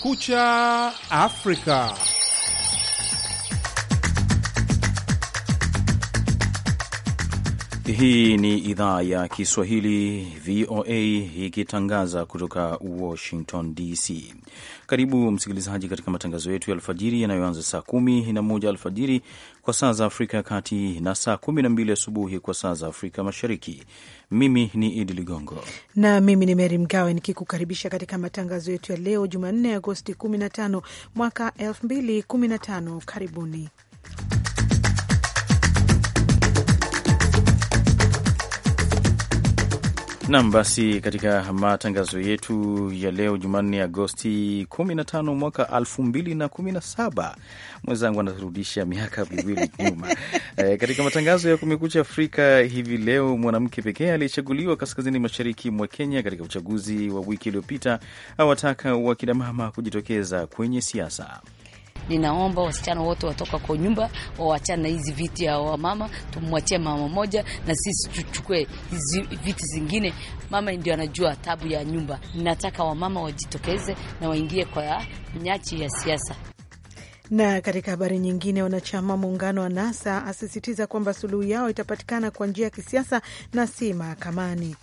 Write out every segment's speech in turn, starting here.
Kumekucha Afrika. Hii ni idhaa ya Kiswahili VOA ikitangaza kutoka Washington DC. Karibu msikilizaji katika matangazo yetu ya alfajiri yanayoanza saa kumi na moja alfajiri kwa saa za Afrika ya Kati na saa kumi na mbili asubuhi kwa saa za Afrika Mashariki. Mimi ni Idi Ligongo na mimi ni Mary Mgawe nikikukaribisha katika matangazo yetu ya leo Jumanne, Agosti 15 mwaka 2015. Karibuni Nam, basi katika matangazo yetu ya leo Jumanne, Agosti 15 mwaka 2017, mwenzangu anarudisha miaka miwili nyuma. E, katika matangazo ya Kumekucha Afrika hivi leo, mwanamke pekee aliyechaguliwa kaskazini mashariki mwa Kenya katika uchaguzi wa wiki iliyopita awataka wakinamama kujitokeza kwenye siasa. Ninaomba wasichana wote watoka kwa nyumba wawachane hizi viti ya wamama, tumwachie mama moja, na sisi tuchukue hizi viti zingine. Mama ndio anajua tabu ya nyumba. Ninataka wamama wajitokeze na waingie kwa nyachi ya siasa. Na katika habari nyingine, wanachama muungano wa NASA asisitiza kwamba suluhu yao itapatikana kwa njia ya kisiasa na si mahakamani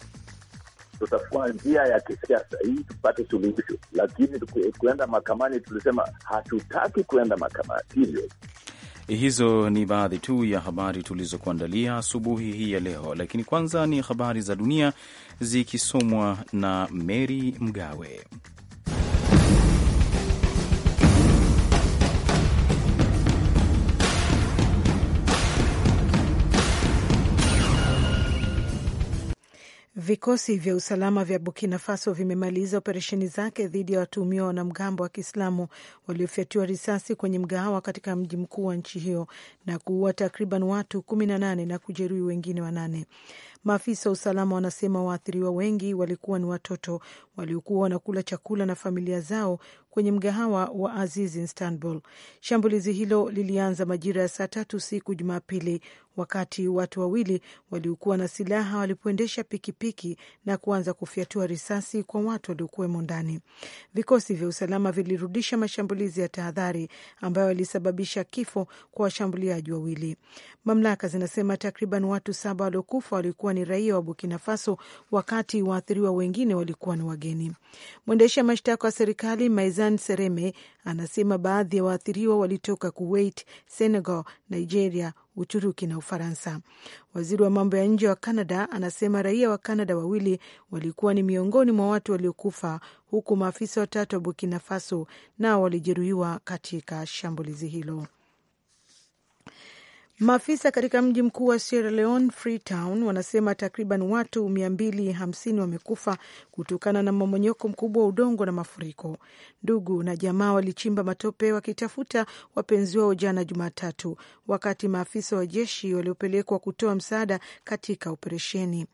tutafua njia ya kisiasa hii tupate suluhisho, lakini kuenda mahakamani, tulisema hatutaki kuenda mahakamani hivyo. Hizo ni baadhi tu ya habari tulizokuandalia asubuhi hii ya leo, lakini kwanza ni habari za dunia zikisomwa na Mary Mgawe. Vikosi vya usalama vya Burkina Faso vimemaliza operesheni zake dhidi ya watuhumiwa wanamgambo wa Kiislamu waliofyatiwa risasi kwenye mgahawa katika mji mkuu wa nchi hiyo na kuua takriban watu kumi na nane na kujeruhi wengine wanane. Maafisa wa usalama wanasema waathiriwa wengi walikuwa ni watoto waliokuwa wanakula chakula na familia zao kwenye mgahawa wa Aziz Istanbul. Shambulizi hilo lilianza majira ya saa tatu siku Jumapili wakati watu wawili waliokuwa na silaha walipoendesha pikipiki na kuanza kufyatua risasi kwa watu waliokuwemo ndani. Vikosi vya usalama vilirudisha mashambulizi ya tahadhari ambayo yalisababisha kifo kwa washambuliaji wawili. Mamlaka zinasema takriban watu saba waliokufa walikuwa ni raia wa Burkina Faso, wakati waathiriwa wengine walikuwa ni wageni. Mwendesha mashtaka wa serikali Maizan Sereme anasema baadhi ya waathiriwa walitoka Kuwait, Senegal, Nigeria, Uturuki na Ufaransa. Waziri wa mambo ya nje wa canada anasema raia wa canada wawili walikuwa ni miongoni mwa watu waliokufa, huku maafisa watatu wa Burkina Faso nao walijeruhiwa katika shambulizi hilo. Maafisa katika mji mkuu wa Sierra Leone, Freetown, wanasema takriban watu 250 wamekufa kutokana na mmomonyoko mkubwa wa udongo na mafuriko. Ndugu na jamaa walichimba matope wakitafuta wapenzi wao jana Jumatatu, wakati maafisa wa jeshi waliopelekwa kutoa msaada katika operesheni.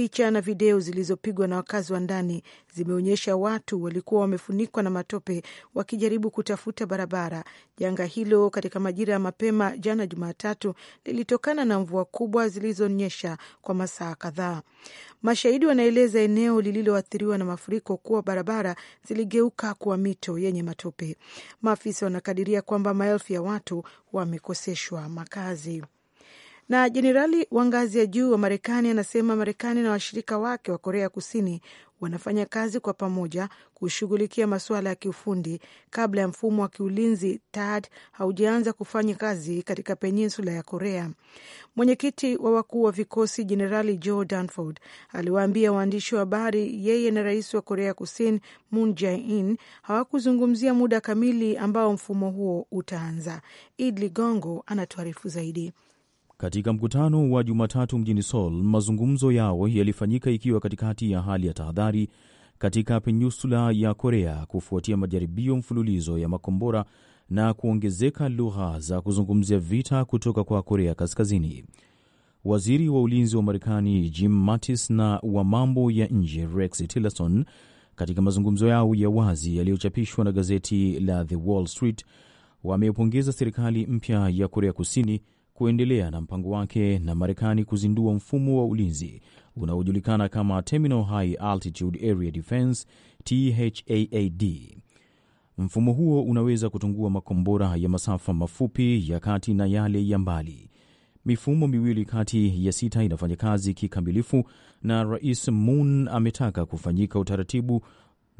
Picha na video zilizopigwa na wakazi wa ndani zimeonyesha watu walikuwa wamefunikwa na matope wakijaribu kutafuta barabara. Janga hilo katika majira ya mapema jana Jumatatu lilitokana na mvua kubwa zilizonyesha kwa masaa kadhaa. Mashahidi wanaeleza eneo lililoathiriwa na mafuriko kuwa barabara ziligeuka kuwa mito yenye matope. Maafisa wanakadiria kwamba maelfu ya watu wamekoseshwa makazi. Na jenerali wa ngazi ya juu wa Marekani anasema Marekani na washirika wake wa Korea Kusini wanafanya kazi kwa pamoja kushughulikia masuala ya kiufundi kabla ya mfumo wa kiulinzi THAAD haujaanza kufanya kazi katika peninsula ya Korea. Mwenyekiti wa wakuu wa vikosi Jenerali Joe Dunford aliwaambia waandishi wa habari yeye na rais wa Korea Kusini Moon Jae-in hawakuzungumzia muda kamili ambao mfumo huo utaanza. Id Ligongo anatuarifu zaidi. Katika mkutano wa Jumatatu mjini Seoul, mazungumzo yao yalifanyika ikiwa katikati ya hali ya tahadhari katika peninsula ya Korea kufuatia majaribio mfululizo ya makombora na kuongezeka lugha za kuzungumzia vita kutoka kwa Korea Kaskazini. Waziri wa ulinzi wa Marekani Jim Mattis na wa mambo ya nje Rex Tillerson, katika mazungumzo yao ya wazi yaliyochapishwa na gazeti la The Wall Street, wamepongeza serikali mpya ya Korea Kusini kuendelea na mpango wake na Marekani kuzindua mfumo wa ulinzi unaojulikana kama Terminal High Altitude Area Defense THAAD. Mfumo huo unaweza kutungua makombora ya masafa mafupi, ya kati na yale ya mbali. Mifumo miwili kati ya sita inafanya kazi kikamilifu, na Rais Moon ametaka kufanyika utaratibu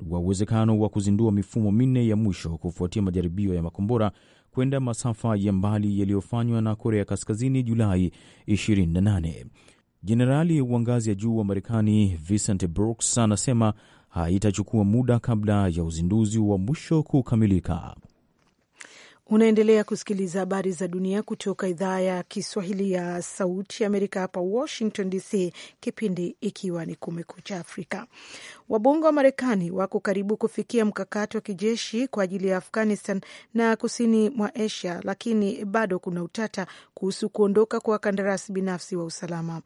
wa uwezekano wa kuzindua mifumo minne ya mwisho kufuatia majaribio ya makombora kwenda masafa ya mbali yaliyofanywa na Korea Kaskazini Julai 28. Jenerali wa ngazi ya juu wa Marekani Vincent Brooks anasema haitachukua muda kabla ya uzinduzi wa mwisho kukamilika. Unaendelea kusikiliza habari za dunia kutoka idhaa ya Kiswahili ya Sauti ya Amerika hapa Washington DC, kipindi ikiwa ni Kumekucha Afrika. Wabunge wa Marekani wako karibu kufikia mkakati wa kijeshi kwa ajili ya Afghanistan na kusini mwa Asia, lakini bado kuna utata kuhusu kuondoka kwa wakandarasi binafsi wa usalama.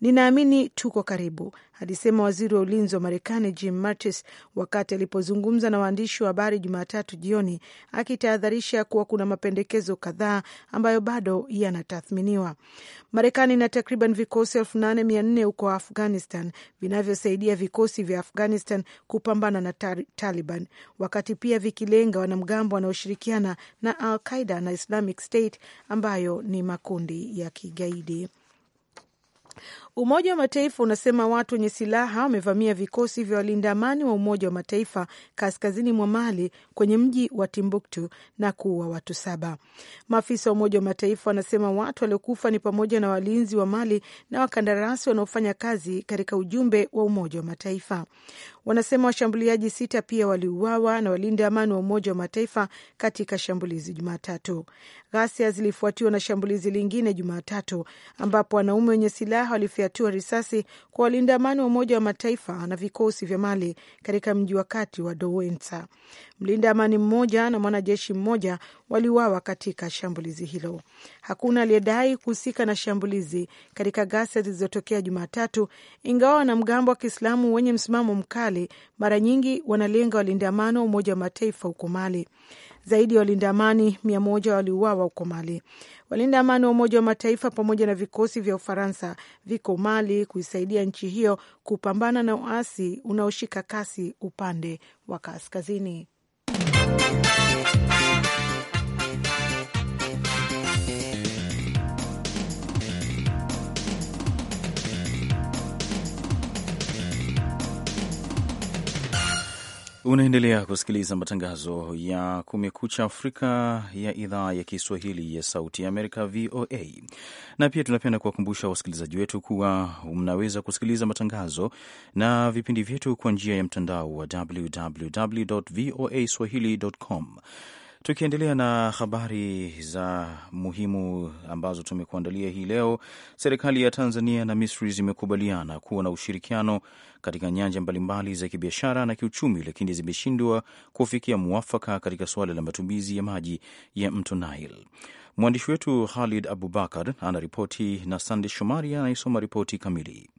Ninaamini tuko karibu, alisema waziri wa ulinzi wa Marekani Jim Mattis wakati alipozungumza na waandishi wa habari Jumatatu jioni, akitahadharisha kuwa kuna mapendekezo kadhaa ambayo bado yanatathminiwa. Marekani ina takriban vikosi elfu nane mia nne huko Afghanistan vinavyosaidia vikosi vya Afghanistan Afghanistan kupambana na Taliban, wakati pia vikilenga wanamgambo wanaoshirikiana na Al Qaida na Islamic State ambayo ni makundi ya kigaidi. Umoja wa Mataifa unasema watu wenye silaha wamevamia vikosi vya walinda amani wa Umoja wa Mataifa kaskazini mwa Mali kwenye mji wa Timbuktu na kuua watu saba. Maafisa wa Umoja wa Mataifa wanasema watu waliokufa ni pamoja na walinzi wa Mali na wakandarasi wanaofanya kazi katika ujumbe wa Umoja wa Mataifa. Wanasema washambuliaji sita pia waliuawa na walinda amani wa Umoja wa Mataifa katika shambulizi Jumatatu. Ghasia zilifuatiwa na shambulizi lingine Jumatatu ambapo wanaume wenye silaha walifia hatua risasi kwa walinda amani wa Umoja wa Mataifa na vikosi vya Mali katika mji wa kati wa Douentza. Mlinda amani mmoja na mwanajeshi mmoja waliuawa katika shambulizi hilo. Hakuna aliyedai kuhusika na shambulizi katika ghasia zilizotokea Jumatatu, ingawa wanamgambo wa Kiislamu wenye msimamo mkali mara nyingi wanalenga walinda amani wa Umoja wa Mataifa huko Mali. Zaidi ya walinda amani mia moja waliuawa huko Mali. Walinda amani wa Umoja wa Mataifa pamoja na vikosi vya Ufaransa viko Mali kuisaidia nchi hiyo kupambana na uasi unaoshika kasi upande wa kaskazini. Unaendelea kusikiliza matangazo ya Kumekucha Afrika ya idhaa ya Kiswahili ya Sauti ya Amerika, VOA. Na pia tunapenda kuwakumbusha wasikilizaji wetu kuwa mnaweza kusikiliza matangazo na vipindi vyetu kwa njia ya mtandao wa www voa swahili.com. Tukiendelea na habari za muhimu ambazo tumekuandalia hii leo, serikali ya Tanzania na Misri zimekubaliana kuwa na ushirikiano katika nyanja mbalimbali za kibiashara na kiuchumi, lakini zimeshindwa kufikia mwafaka katika suala la matumizi ya maji ya mto Nile. Mwandishi wetu Khalid Abubakar anaripoti na Sande Shomari anayesoma ripoti kamili.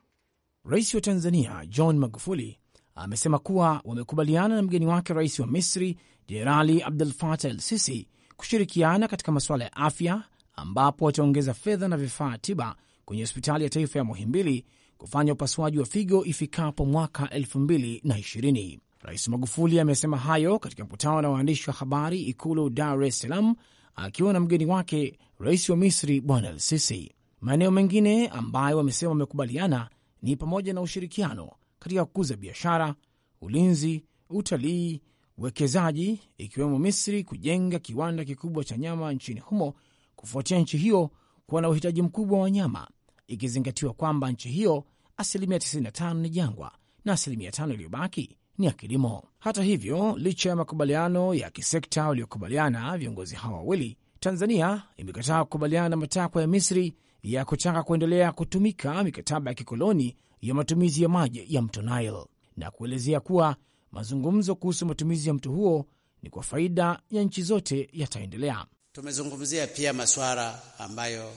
Rais wa Tanzania John Magufuli amesema kuwa wamekubaliana na mgeni wake rais wa Misri Jenerali Abdel Fattah el Sisi kushirikiana katika masuala ya afya, ambapo wataongeza fedha na vifaa tiba kwenye hospitali ya taifa ya Muhimbili kufanya upasuaji wa figo ifikapo mwaka 2020. Rais Magufuli amesema hayo katika mkutano na waandishi wa habari Ikulu Dar es Salaam akiwa na mgeni wake rais wa Misri Bwana el Sisi. Maeneo mengine ambayo wamesema wamekubaliana ni pamoja na ushirikiano katika kukuza biashara, ulinzi, utalii, uwekezaji, ikiwemo Misri kujenga kiwanda kikubwa cha nyama nchini humo kufuatia nchi hiyo kuwa na uhitaji mkubwa wa nyama, ikizingatiwa kwamba nchi hiyo asilimia 95 ni jangwa na asilimia 5 iliyobaki ni ya kilimo. Hata hivyo, licha ya makubaliano ya kisekta waliokubaliana viongozi hawa wawili, Tanzania imekataa kukubaliana na matakwa ya Misri ya kutaka kuendelea kutumika mikataba ya kikoloni ya matumizi ya maji ya mto Nile na kuelezea kuwa mazungumzo kuhusu matumizi ya mto huo ni kwa faida ya nchi zote yataendelea. Tumezungumzia pia masuala ambayo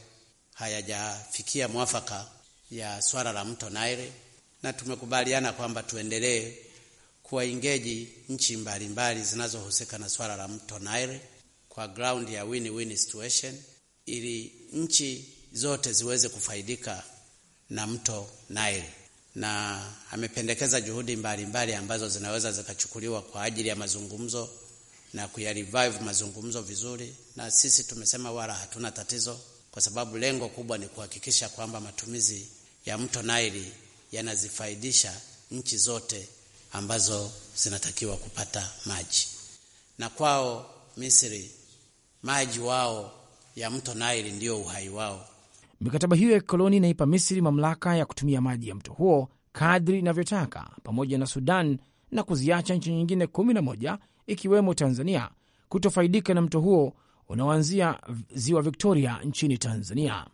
hayajafikia mwafaka ya swala la mto Nile, na tumekubaliana kwamba tuendelee kuwaingeji nchi mbalimbali zinazohusika na swala la mto Nile kwa ground ya win-win situation, ili nchi zote ziweze kufaidika na mto Nile, na amependekeza juhudi mbalimbali mbali ambazo zinaweza zikachukuliwa kwa ajili ya mazungumzo na kuyarevive mazungumzo vizuri, na sisi tumesema wala hatuna tatizo, kwa sababu lengo kubwa ni kuhakikisha kwamba matumizi ya mto Nile yanazifaidisha nchi zote ambazo zinatakiwa kupata maji. Na kwao Misri, maji wao ya mto Nile ndio uhai wao. Mikataba hiyo ya kikoloni inaipa Misri mamlaka ya kutumia maji ya mto huo kadri inavyotaka pamoja na Sudan na kuziacha nchi nyingine 11 ikiwemo Tanzania kutofaidika na mto huo unaoanzia ziwa Victoria nchini Tanzania.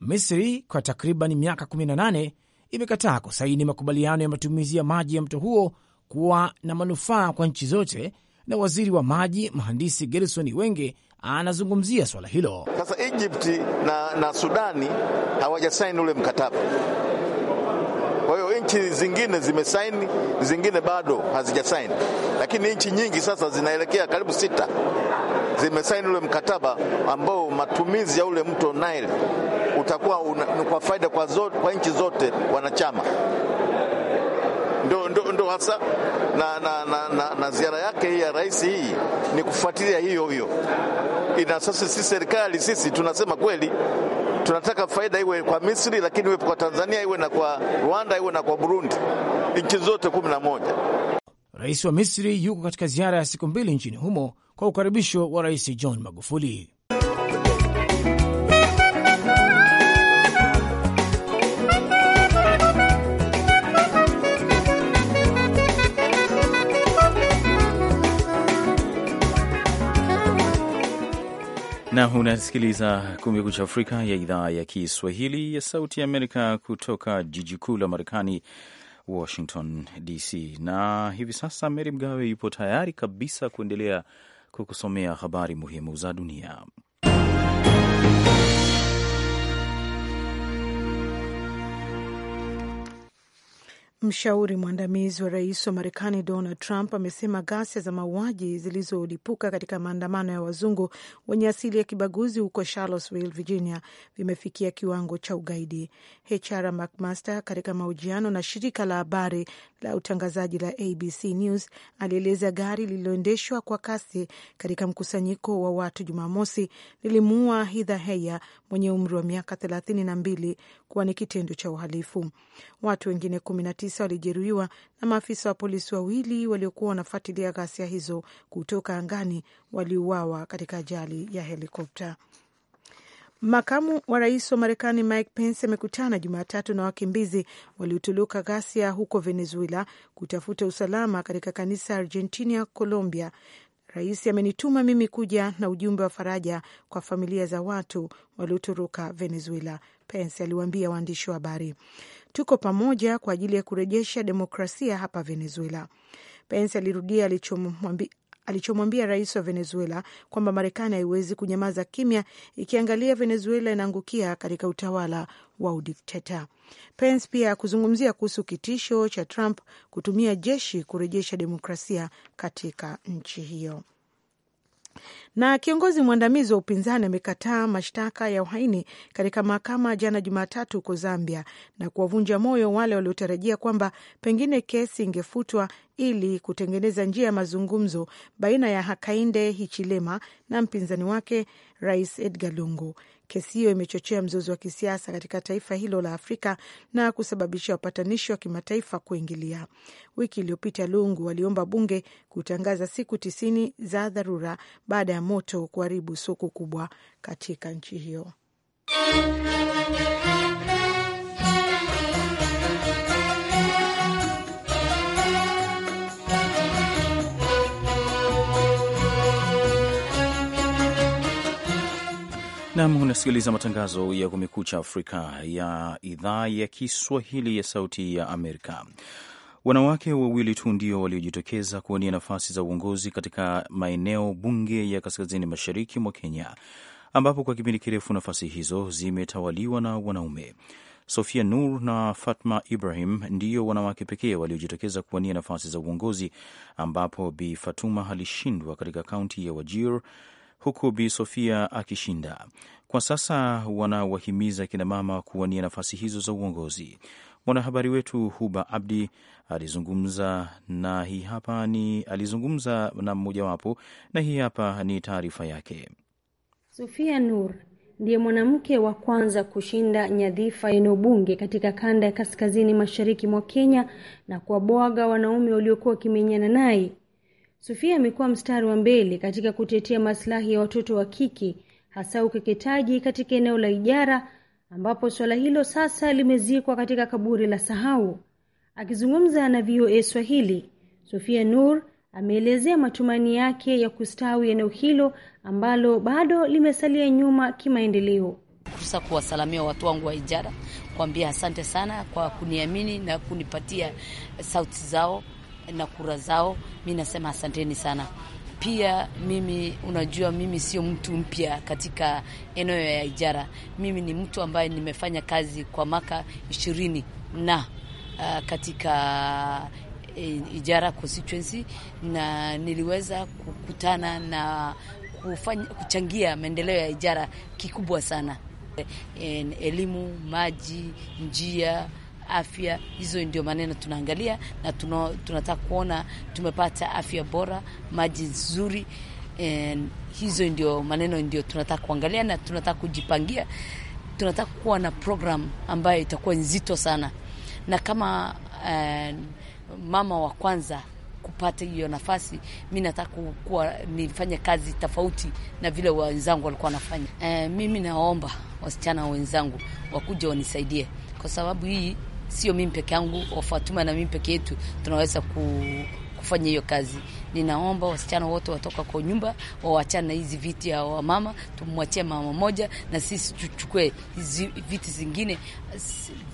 Misri kwa takriban miaka 18 imekataa kusaini makubaliano ya matumizi ya maji ya mto huo kuwa na manufaa kwa nchi zote, na waziri wa maji Mhandisi Gerson Wenge anazungumzia swala hilo. Sasa ijipti na, na Sudani hawajasaini ule mkataba kwa hiyo nchi zingine zimesaini, zingine bado hazijasaini, lakini nchi nyingi sasa zinaelekea karibu sita zimesaini ule mkataba ambao matumizi ya ule mto Nile utakuwa una, kwa faida kwa, kwa nchi zote wanachama ndo, ndo, ndo hasa na, na, na, na, na ziara yake hii ya rais hii ni kufuatilia hiyo hiyo. Ina sasa sisi serikali sisi tunasema kweli tunataka faida iwe kwa Misri, lakini iwe kwa Tanzania, iwe na kwa Rwanda, iwe na kwa Burundi, nchi zote kumi na moja. Rais wa Misri yuko katika ziara ya siku mbili nchini humo kwa ukaribisho wa Rais John Magufuli. na unasikiliza Kumekucha Afrika ya idhaa ya Kiswahili ya Sauti ya Amerika kutoka jiji kuu la Marekani, Washington DC. Na hivi sasa Meri Mgawe yupo tayari kabisa kuendelea kukusomea habari muhimu za dunia. Mshauri mwandamizi wa rais wa Marekani Donald Trump amesema ghasia za mauaji zilizolipuka katika maandamano ya wazungu wenye asili ya kibaguzi huko Charlottesville, Virginia, vimefikia kiwango cha ugaidi. HR McMaster, katika mahojiano na shirika la habari la utangazaji la ABC News, alieleza gari lililoendeshwa kwa kasi katika mkusanyiko wa watu Jumamosi lilimuua hidha Heya mwenye umri wa miaka thelathini na mbili kuwa ni kitendo cha uhalifu. Watu wengine kumi na tisa tisa walijeruhiwa na maafisa wa polisi wawili waliokuwa wanafuatilia ghasia hizo kutoka angani waliuawa katika ajali ya helikopta. Makamu wa rais wa Marekani Mike Pence amekutana Jumatatu na wakimbizi waliotoloka ghasia huko Venezuela kutafuta usalama katika kanisa Argentina, Colombia Rais amenituma mimi kuja na ujumbe wa faraja kwa familia za watu waliotoroka Venezuela, Pence aliwaambia waandishi wa habari. Tuko pamoja kwa ajili ya kurejesha demokrasia hapa Venezuela. Pence alirudia alichomwambia rais wa Venezuela kwamba Marekani haiwezi kunyamaza kimya ikiangalia Venezuela inaangukia katika utawala wa udikteta. Pence pia kuzungumzia kuhusu kitisho cha Trump kutumia jeshi kurejesha demokrasia katika nchi hiyo. Na kiongozi mwandamizi wa upinzani amekataa mashtaka ya uhaini katika mahakama jana Jumatatu huko Zambia na kuwavunja moyo wale waliotarajia kwamba pengine kesi ingefutwa ili kutengeneza njia ya mazungumzo baina ya Hakainde Hichilema na mpinzani wake Rais Edgar Lungu. Kesi hiyo imechochea mzozo wa kisiasa katika taifa hilo la Afrika na kusababisha wapatanishi wa kimataifa kuingilia. Wiki iliyopita, Lungu waliomba bunge kutangaza siku tisini za dharura baada ya moto kuharibu soko kubwa katika nchi hiyo. Nam, unasikiliza matangazo ya Kumekucha Afrika ya idhaa ya Kiswahili ya Sauti ya Amerika. Wanawake wawili tu ndio waliojitokeza kuwania nafasi za uongozi katika maeneo bunge ya kaskazini mashariki mwa Kenya, ambapo kwa kipindi kirefu nafasi hizo zimetawaliwa na wanaume. Sofia Nur na Fatma Ibrahim ndio wanawake pekee waliojitokeza kuwania nafasi za uongozi, ambapo Bi Fatuma alishindwa katika kaunti ya Wajir huku Bi Sofia akishinda. Kwa sasa wanawahimiza kinamama kuwania nafasi hizo za uongozi. Mwanahabari wetu Huba Abdi alizungumza na hii hapa ni alizungumza na mmojawapo, na hii hapa ni taarifa yake. Sofia Nur ndiye mwanamke wa kwanza kushinda nyadhifa ya ubunge katika kanda ya kaskazini mashariki mwa Kenya na kuwabwaga wanaume waliokuwa wakimenyana naye Sofia amekuwa mstari wa mbele katika kutetea maslahi ya watoto wa kike, hasa ukeketaji katika eneo la Ijara, ambapo suala hilo sasa limezikwa katika kaburi la sahau. Akizungumza na VOA Swahili, Sofia Nur ameelezea matumaini yake ya kustawi eneo hilo ambalo bado limesalia nyuma kimaendeleo. Kusa kuwasalamia watu wangu wa Ijara, kuambia asante sana kwa kuniamini na kunipatia sauti zao na kura zao. Mi nasema asanteni sana. Pia mimi, unajua, mimi sio mtu mpya katika eneo ya ijara. Mimi ni mtu ambaye nimefanya kazi kwa maka ishirini na uh, katika eh, Ijara constituency na niliweza kukutana na kufanya, kuchangia maendeleo ya Ijara kikubwa sana, eh, elimu, maji, njia afya. Hizo ndio maneno tunaangalia na tuna, tunataka kuona tumepata afya bora, maji nzuri. Hizo ndio maneno ndio tunataka kuangalia na tunataka kujipangia. Tunataka kuwa na program ambayo itakuwa nzito sana, na kama en, mama wa kwanza kupata hiyo nafasi, mi nataka kuwa nifanye kazi tofauti na vile wenzangu walikuwa wanafanya. E, mimi naomba wasichana wenzangu wakuja wanisaidie, kwa sababu hii sio mimi peke yangu, Fatuma na mimi peke yetu tunaweza ku, kufanya hiyo kazi. Ninaomba wasichana wote watoka kwa nyumba wawachane na hizi viti ya wamama, tumwachie mama moja, na sisi tuchukue hizi viti zingine.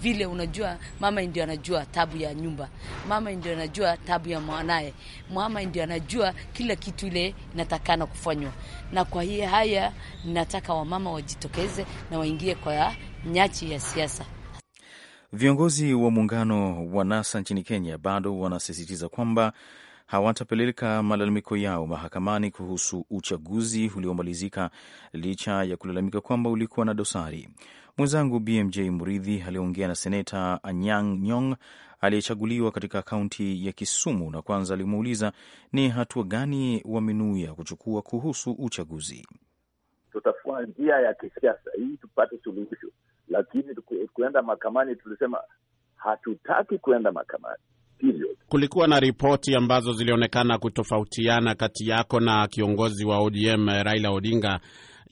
Vile unajua mama ndio anajua tabu ya nyumba, mama ndio anajua tabu ya mwanaye, mama ndio anajua kila kitu ile inatakana kufanywa. Na kwa hiyo haya, ninataka wamama wajitokeze na waingie kwa nyachi ya siasa. Viongozi wa muungano wa NASA nchini Kenya bado wanasisitiza kwamba hawatapeleka malalamiko yao mahakamani kuhusu uchaguzi uliomalizika licha ya kulalamika kwamba ulikuwa na dosari. Mwenzangu BMJ Mridhi aliongea na seneta Anyang' Nyong' aliyechaguliwa katika kaunti ya Kisumu na kwanza alimuuliza ni hatua gani wamenuia kuchukua kuhusu uchaguzi. Tutafua njia ya kisiasa ili tupate suluhisho lakini kuenda mahakamani, tulisema hatutaki kuenda mahakamani. Kulikuwa na ripoti ambazo zilionekana kutofautiana kati yako na kiongozi wa ODM Raila Odinga,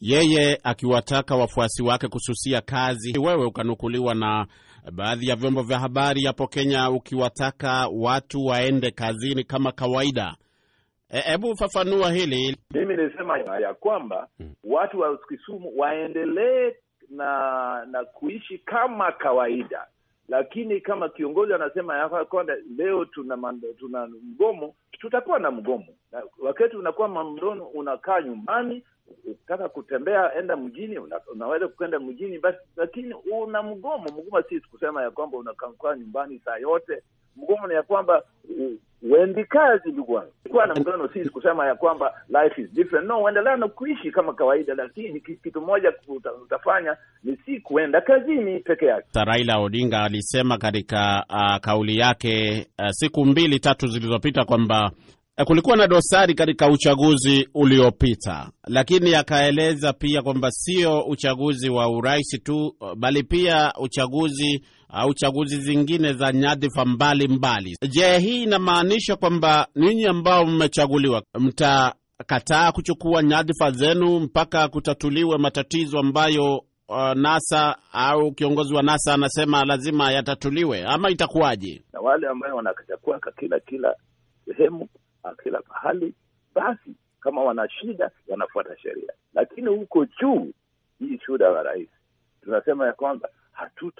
yeye akiwataka wafuasi wake kususia kazi, wewe ukanukuliwa na baadhi ya vyombo vya habari hapo Kenya ukiwataka watu waende kazini kama kawaida. Hebu e, fafanua hili. Mimi nilisema ya kwamba hmm. watu wa Kisumu waendelee na na kuishi kama kawaida. Lakini kama kiongozi anasema ya kwamba leo tuna mando, tuna mgomo, tutakuwa na mgomo. Wakati unakuwa mamdono, unakaa nyumbani, ukitaka kutembea enda mjini, una, unaweza kuenda mjini basi, lakini una mgomo. Mgomo si kusema ya kwamba unakaa nyumbani saa yote. Mgomo ni ya kwamba uendi kazi ndugu wangu. Kuwa na mgano sisi kusema ya kwamba life is different, no, uendelea na kuishi kama kawaida, lakini kitu moja utafanya ni si kuenda kazini peke yake. Raila Odinga alisema katika uh, kauli yake uh, siku mbili tatu zilizopita kwamba kulikuwa na dosari katika uchaguzi uliopita, lakini akaeleza pia kwamba sio uchaguzi wa urais tu, bali pia uchaguzi au chaguzi zingine za nyadhifa mbalimbali. Je, hii inamaanisha kwamba ninyi ambao mmechaguliwa mtakataa kuchukua nyadhifa zenu mpaka kutatuliwe matatizo ambayo uh, NASA au kiongozi wa NASA anasema lazima yatatuliwe, ama itakuwaje? Na wale ambayo wanakachakwaka kila kila sehemu kila pahali, basi kama wana shida wanafuata sheria, lakini huko juu, hii shuda wa rais tunasema ya kwamba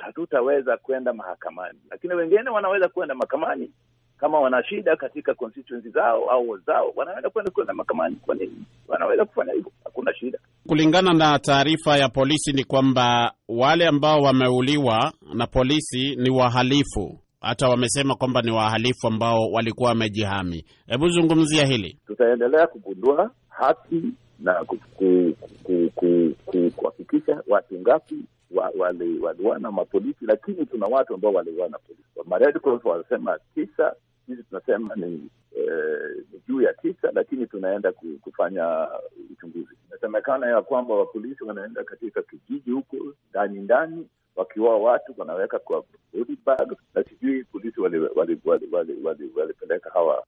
hatutaweza kwenda mahakamani, lakini wengine wanaweza kwenda mahakamani kama wana shida katika constituency zao au zao, wanaweza kwenda kwenda mahakamani. Kwa nini wanaweza kufanya hivyo? Hakuna shida. Kulingana na taarifa ya polisi ni kwamba wale ambao wameuliwa na polisi ni wahalifu, hata wamesema kwamba ni wahalifu ambao walikuwa wamejihami. Hebu zungumzia hili. Tutaendelea kugundua haki na kuhakikisha watu ngapi waliwana mapolisi, lakini tuna watu ambao waliwana polisi. Mared Cross wanasema tisa, sisi tunasema ni eh, juu ya tisa, lakini tunaenda kufanya uchunguzi. Inasemekana ya kwamba wapolisi wanaenda katika kijiji huko ndani ndani, wakiwa watu wanaweka kwa body bag, na sijui polisi walipeleka hawa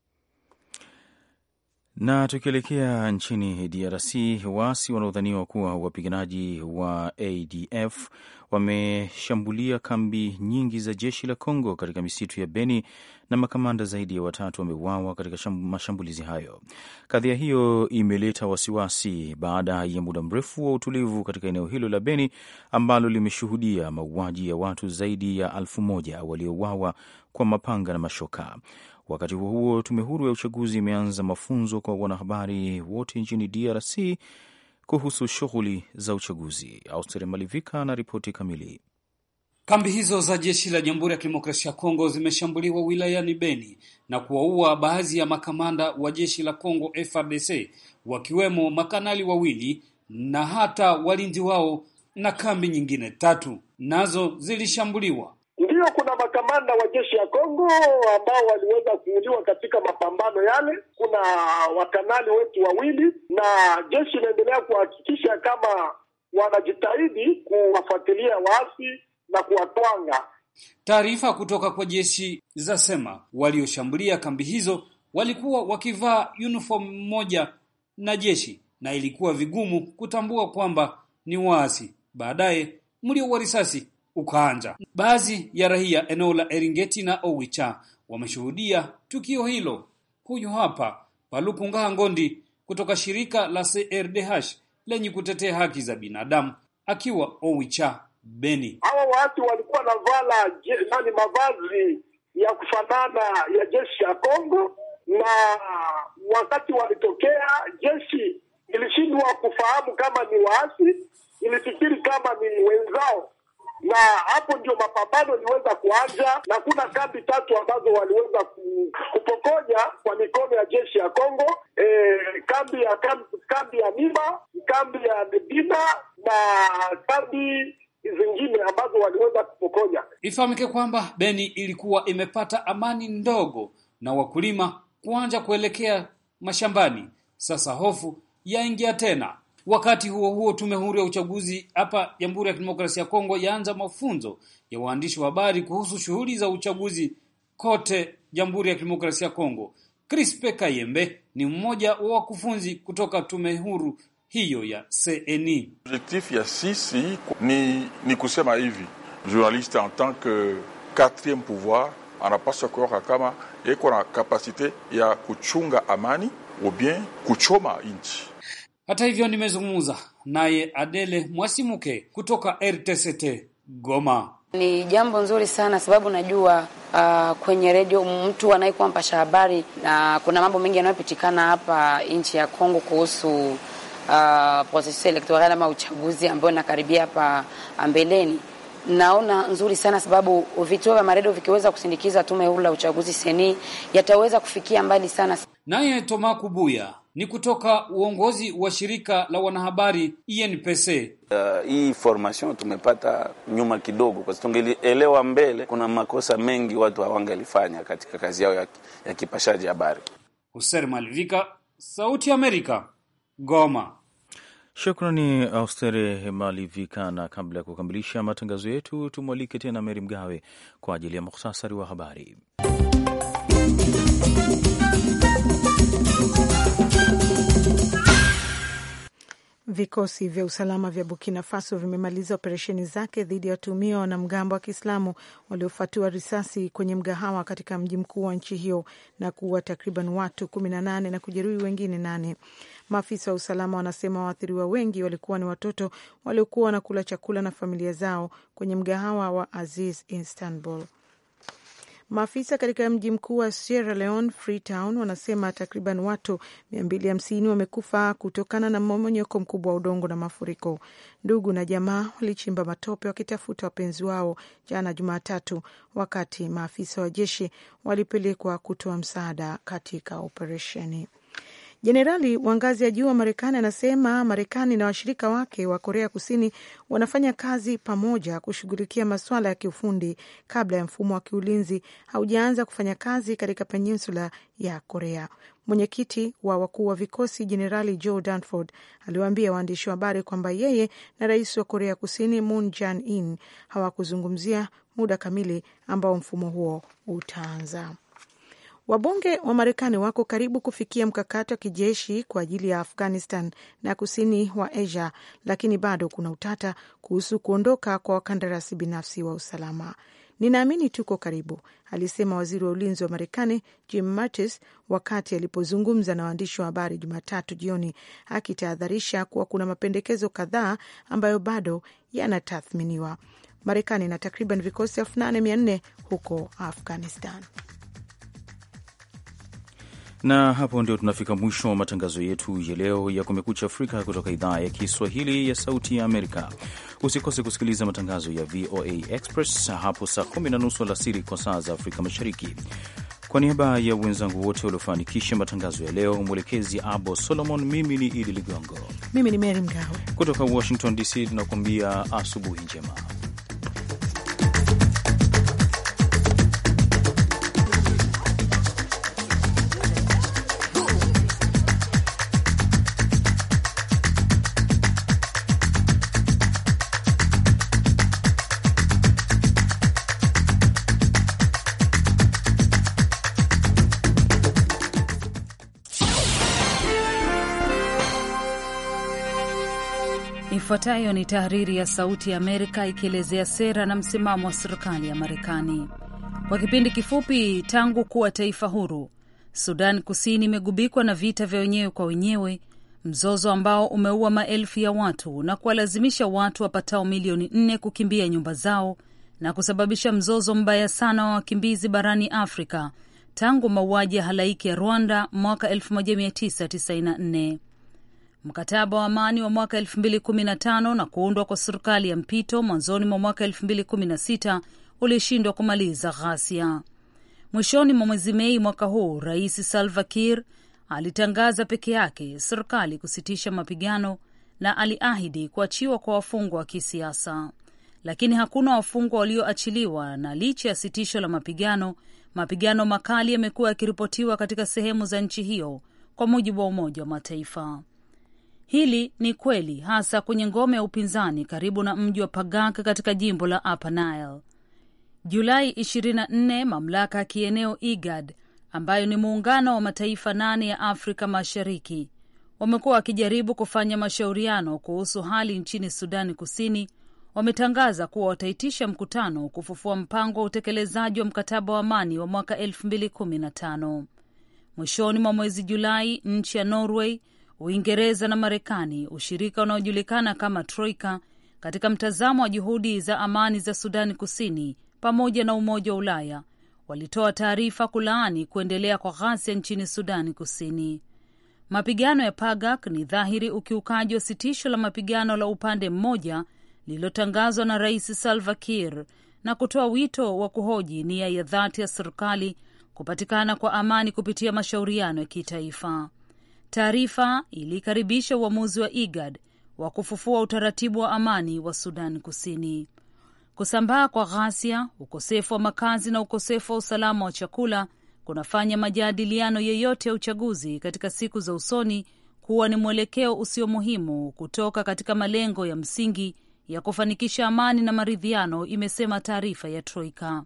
na tukielekea nchini DRC, waasi wanaodhaniwa kuwa wapiganaji wa ADF wameshambulia kambi nyingi za jeshi la congo katika misitu ya Beni na makamanda zaidi ya watatu wameuawa katika mashambulizi hayo. Kadhia hiyo imeleta wasiwasi baada ya muda mrefu wa utulivu katika eneo hilo la Beni ambalo limeshuhudia mauaji ya watu zaidi ya elfu moja waliouawa kwa mapanga na mashoka. Wakati huo huo, tume huru ya uchaguzi imeanza mafunzo kwa wanahabari wote nchini DRC kuhusu shughuli za uchaguzi. Auster Malivika na ripoti kamili. Kambi hizo za jeshi la Jamhuri ya Kidemokrasia ya Kongo zimeshambuliwa wilayani Beni na kuwaua baadhi ya makamanda wa jeshi la Kongo frdc wakiwemo makanali wawili na hata walinzi wao, na kambi nyingine tatu nazo zilishambuliwa hiyo kuna makamanda wa jeshi ya Kongo ambao waliweza kuuliwa katika mapambano yale. Kuna wakanali wetu wawili, na jeshi inaendelea kuhakikisha kama wanajitahidi kuwafuatilia waasi na kuwatwanga. Taarifa kutoka kwa jeshi zasema walioshambulia kambi hizo walikuwa wakivaa uniform moja na jeshi, na ilikuwa vigumu kutambua kwamba ni waasi. Baadaye mlio wa risasi ukaanja. Baadhi ya raia eneo la Eringeti na Owicha wameshuhudia tukio hilo. Huyu hapa Paluku Ngondi kutoka shirika la CRDH lenye kutetea haki za binadamu akiwa Owicha Beni. Hawa watu walikuwa na vala nani mavazi ya kufanana ya jeshi ya Kongo, na wakati walitokea jeshi ilishindwa kufahamu kama ni waasi, ilifikiri kama ni wenzao na hapo ndio mapambano iliweza kuanza, na kuna kambi tatu ambazo waliweza kupokonya kwa mikono ya jeshi ya Kongo, e, kambi ya kambi ya Niba, kambi ya Dina na kambi zingine ambazo waliweza kupokonya. Ifahamike kwamba Beni ilikuwa imepata amani ndogo na wakulima kuanja kuelekea mashambani. Sasa hofu yaingia tena Wakati huo huo, tume huru ya uchaguzi hapa Jamhuri ya Kidemokrasia ya Kongo yaanza mafunzo ya waandishi wa habari kuhusu shughuli za uchaguzi kote Jamhuri ya Kidemokrasia ya Kongo. Crispe Kayembe ni mmoja wa wakufunzi kutoka tume huru hiyo ya CENI. Objectif ya sisi ni, ni kusema hivi journaliste en tant que quatrieme pouvoir anapaswa kuoka kama yeko na kapasite ya kuchunga amani ubien bien kuchoma nchi hata hivyo nimezungumza naye Adele Mwasimuke kutoka RTCT Goma. Ni jambo nzuri sana sababu najua uh, kwenye redio mtu anayekuwa mpasha habari na uh, kuna mambo mengi yanayopitikana hapa nchi ya Kongo kuhusu uh, prosesus elektoral ama uchaguzi ambayo nakaribia hapa mbeleni. Naona nzuri sana sababu vituo vya maredio vikiweza kusindikiza tume huru la uchaguzi seni yataweza kufikia mbali sana. Naye Toma Kubuya ni kutoka uongozi wa shirika la wanahabari INPC. E uh, hii formation tumepata nyuma kidogo, kwa sababu tungelielewa mbele, kuna makosa mengi watu hawangelifanya katika kazi yao ya, ya kipashaji habari. Hussein Malivika, Sauti ya Amerika, Goma. Shukrani Austere Malivika, na kabla ya kukamilisha matangazo yetu, tumwalike tena Meri Mgawe kwa ajili ya muhtasari wa habari. Vikosi vya usalama vya Burkina Faso vimemaliza operesheni zake dhidi ya watuhumiwa wanamgambo wa Kiislamu waliofatiwa risasi kwenye mgahawa katika mji mkuu wa nchi hiyo na kuua takriban watu kumi na nane na kujeruhi wengine nane. Maafisa wa usalama wanasema waathiriwa wengi walikuwa ni watoto waliokuwa wanakula chakula na familia zao kwenye mgahawa wa Aziz Istanbul. Maafisa katika mji mkuu wa Sierra Leone, Freetown, wanasema takriban watu 250 wamekufa kutokana na mmomonyoko mkubwa wa udongo na mafuriko. Ndugu na jamaa walichimba matope wakitafuta wapenzi wao jana Jumatatu, wakati maafisa wa jeshi walipelekwa kutoa msaada katika operesheni. Jenerali wa ngazi ya juu wa Marekani anasema Marekani na washirika wake wa Korea Kusini wanafanya kazi pamoja kushughulikia masuala ya kiufundi kabla ya mfumo wa kiulinzi haujaanza kufanya kazi katika peninsula ya Korea. Mwenyekiti wa wakuu wa vikosi Jenerali Joe Danford aliwaambia waandishi wa habari kwamba yeye na rais wa Korea Kusini Moon Jae-in hawakuzungumzia muda kamili ambao mfumo huo utaanza. Wabunge wa Marekani wako karibu kufikia mkakati wa kijeshi kwa ajili ya Afghanistan na kusini wa Asia, lakini bado kuna utata kuhusu kuondoka kwa wakandarasi binafsi wa usalama. Ninaamini tuko karibu, alisema waziri wa ulinzi wa Marekani Jim Mattis wakati alipozungumza na waandishi wa habari Jumatatu jioni, akitahadharisha kuwa kuna mapendekezo kadhaa ambayo bado yanatathminiwa. Marekani ina takriban vikosi elfu nane mia nne huko Afghanistan. Na hapo ndio tunafika mwisho wa matangazo yetu ya leo ya Kumekucha Afrika kutoka idhaa ya Kiswahili ya Sauti ya Amerika. Usikose kusikiliza matangazo ya VOA Express hapo saa kumi na nusu alasiri kwa saa za Afrika Mashariki. Kwa niaba ya wenzangu wote waliofanikisha matangazo ya leo, mwelekezi Abo Solomon, mimi ni Idi Ligongo, mimi ni Meri Mgao kutoka Washington DC, tunakuambia asubuhi njema. Ifuatayo ni tahariri ya Sauti ya Amerika ikielezea sera na msimamo wa serikali ya Marekani. Kwa kipindi kifupi tangu kuwa taifa huru, Sudan Kusini imegubikwa na vita vya wenyewe kwa wenyewe, mzozo ambao umeua maelfu ya watu na kuwalazimisha watu wapatao milioni nne kukimbia nyumba zao na kusababisha mzozo mbaya sana wa wakimbizi barani Afrika tangu mauaji ya halaiki ya Rwanda mwaka 1994 mkataba wa amani wa mwaka 2015 na kuundwa kwa serikali ya mpito mwanzoni mwa mwaka 2016 ulishindwa kumaliza ghasia. Mwishoni mwa mwezi Mei mwaka huu, Rais Salva Kiir alitangaza peke yake serikali kusitisha mapigano na aliahidi kuachiwa kwa wafungwa wa kisiasa, lakini hakuna wafungwa walioachiliwa. Na licha ya sitisho la mapigano, mapigano makali yamekuwa yakiripotiwa katika sehemu za nchi hiyo, kwa mujibu wa Umoja wa Mataifa. Hili ni kweli hasa kwenye ngome ya upinzani karibu na mji wa Pagak katika jimbo la Upper Nile. Julai 24, mamlaka ya kieneo IGAD ambayo ni muungano wa mataifa nane ya Afrika Mashariki wamekuwa wakijaribu kufanya mashauriano kuhusu hali nchini Sudani Kusini, wametangaza kuwa wataitisha mkutano kufufua mpango wa utekelezaji wa mkataba wa amani wa mwaka 2015. Mwishoni mwa mwezi Julai, nchi ya Norway Uingereza na Marekani, ushirika unaojulikana kama Troika, katika mtazamo wa juhudi za amani za Sudani Kusini pamoja na Umoja wa Ulaya walitoa taarifa kulaani kuendelea kwa ghasia nchini Sudani Kusini. Mapigano ya Pagak ni dhahiri ukiukaji wa sitisho la mapigano la upande mmoja lililotangazwa na Rais Salva Kiir na kutoa wito wa kuhoji nia ya dhati ya serikali kupatikana kwa amani kupitia mashauriano ya kitaifa. Taarifa ilikaribisha uamuzi wa IGAD wa kufufua utaratibu wa amani wa Sudan Kusini. Kusambaa kwa ghasia, ukosefu wa makazi na ukosefu wa usalama wa chakula kunafanya majadiliano yeyote ya uchaguzi katika siku za usoni kuwa ni mwelekeo usio muhimu kutoka katika malengo ya msingi ya kufanikisha amani na maridhiano, imesema taarifa ya Troika.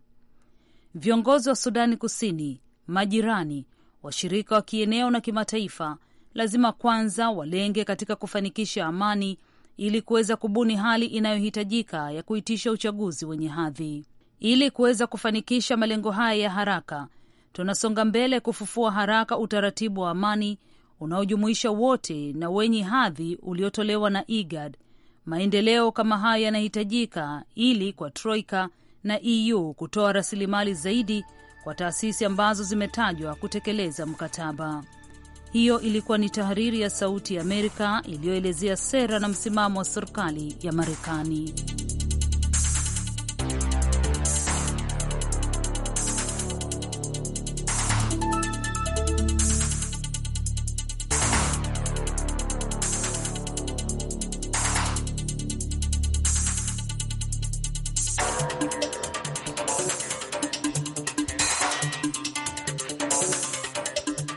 Viongozi wa Sudani Kusini, majirani, washirika wa kieneo na kimataifa lazima kwanza walenge katika kufanikisha amani ili kuweza kubuni hali inayohitajika ya kuitisha uchaguzi wenye hadhi. Ili kuweza kufanikisha malengo haya ya haraka, tunasonga mbele kufufua haraka utaratibu wa amani unaojumuisha wote na wenye hadhi uliotolewa na IGAD. Maendeleo kama haya yanahitajika ili kwa Troika na EU kutoa rasilimali zaidi kwa taasisi ambazo zimetajwa kutekeleza mkataba. Hiyo ilikuwa ni tahariri ya Sauti ya Amerika iliyoelezea sera na msimamo wa serikali ya Marekani.